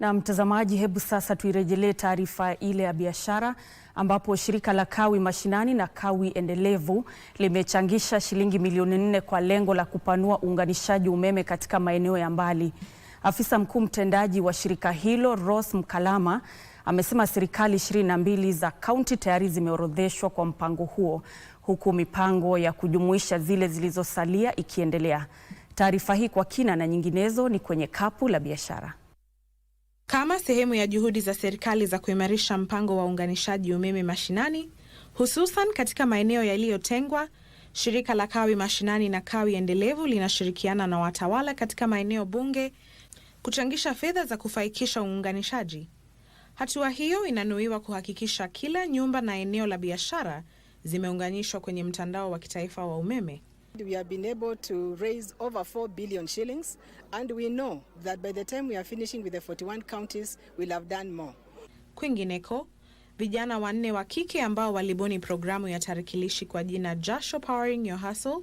Na mtazamaji, hebu sasa tuirejelee taarifa ile ya biashara ambapo shirika la kawi mashinani na kawi endelevu limechangisha shilingi milioni nne kwa lengo la kupanua uunganishaji umeme katika maeneo ya mbali. Afisa mkuu mtendaji wa shirika hilo Ross Mkalama amesema serikali ishirini na mbili za kaunti tayari zimeorodheshwa kwa mpango huo huku mipango ya kujumuisha zile zilizosalia ikiendelea. Taarifa hii kwa kina na nyinginezo ni kwenye kapu la biashara. Kama sehemu ya juhudi za serikali za kuimarisha mpango wa uunganishaji umeme mashinani hususan katika maeneo yaliyotengwa, shirika la kawi mashinani na kawi endelevu linashirikiana na watawala katika maeneo bunge kuchangisha fedha za kufaikisha uunganishaji. Hatua hiyo inanuiwa kuhakikisha kila nyumba na eneo la biashara zimeunganishwa kwenye mtandao wa kitaifa wa umeme. We have been able to raise over 4 billion shillings and we know that by the time we are finishing with the 41 counties we'll have done more. Kwingineko, vijana wanne wa kike ambao walibuni programu ya tarakilishi kwa jina Jasho Powering Your Hustle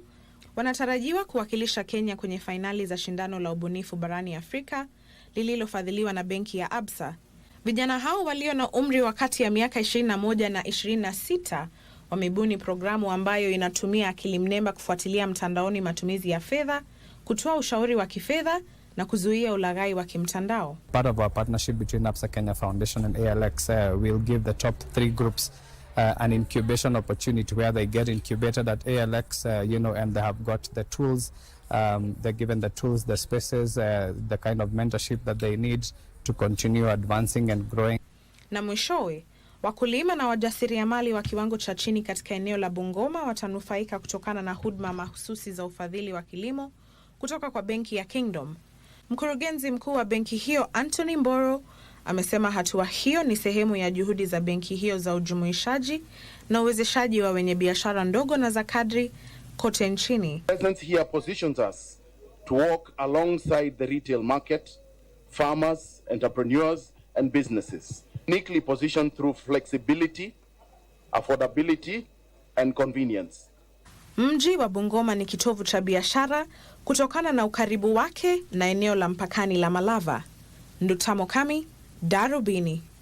wanatarajiwa kuwakilisha Kenya kwenye fainali za shindano la ubunifu barani Afrika lililofadhiliwa na benki ya Absa. Vijana hao walio na umri wa kati ya miaka 21 na 26 wamebuni programu ambayo inatumia akili mnemba kufuatilia mtandaoni matumizi ya fedha, kutoa ushauri wa kifedha na kuzuia ulaghai wa kimtandao. Part of our partnership between Kenya Foundation and ALX, uh, we'll give the top three groups uh, an incubation opportunity where they get incubated at ALX, uh, you know, and they have got the tools, um, they're given the tools, the spaces, uh, the kind of mentorship that they need to continue advancing and growing. Na mwishowe Wakulima na wajasiriamali wa kiwango cha chini katika eneo la Bungoma watanufaika kutokana na huduma mahususi za ufadhili wa kilimo kutoka kwa Benki ya Kingdom. Mkurugenzi mkuu wa benki hiyo Anthony Mboro amesema hatua hiyo ni sehemu ya juhudi za benki hiyo za ujumuishaji na uwezeshaji wa wenye biashara ndogo na za kadri kote nchini uniquely positioned through flexibility, affordability and convenience. Mji wa Bungoma ni kitovu cha biashara kutokana na ukaribu wake na eneo la mpakani la Malava. Ndutamo Kami, Darubini.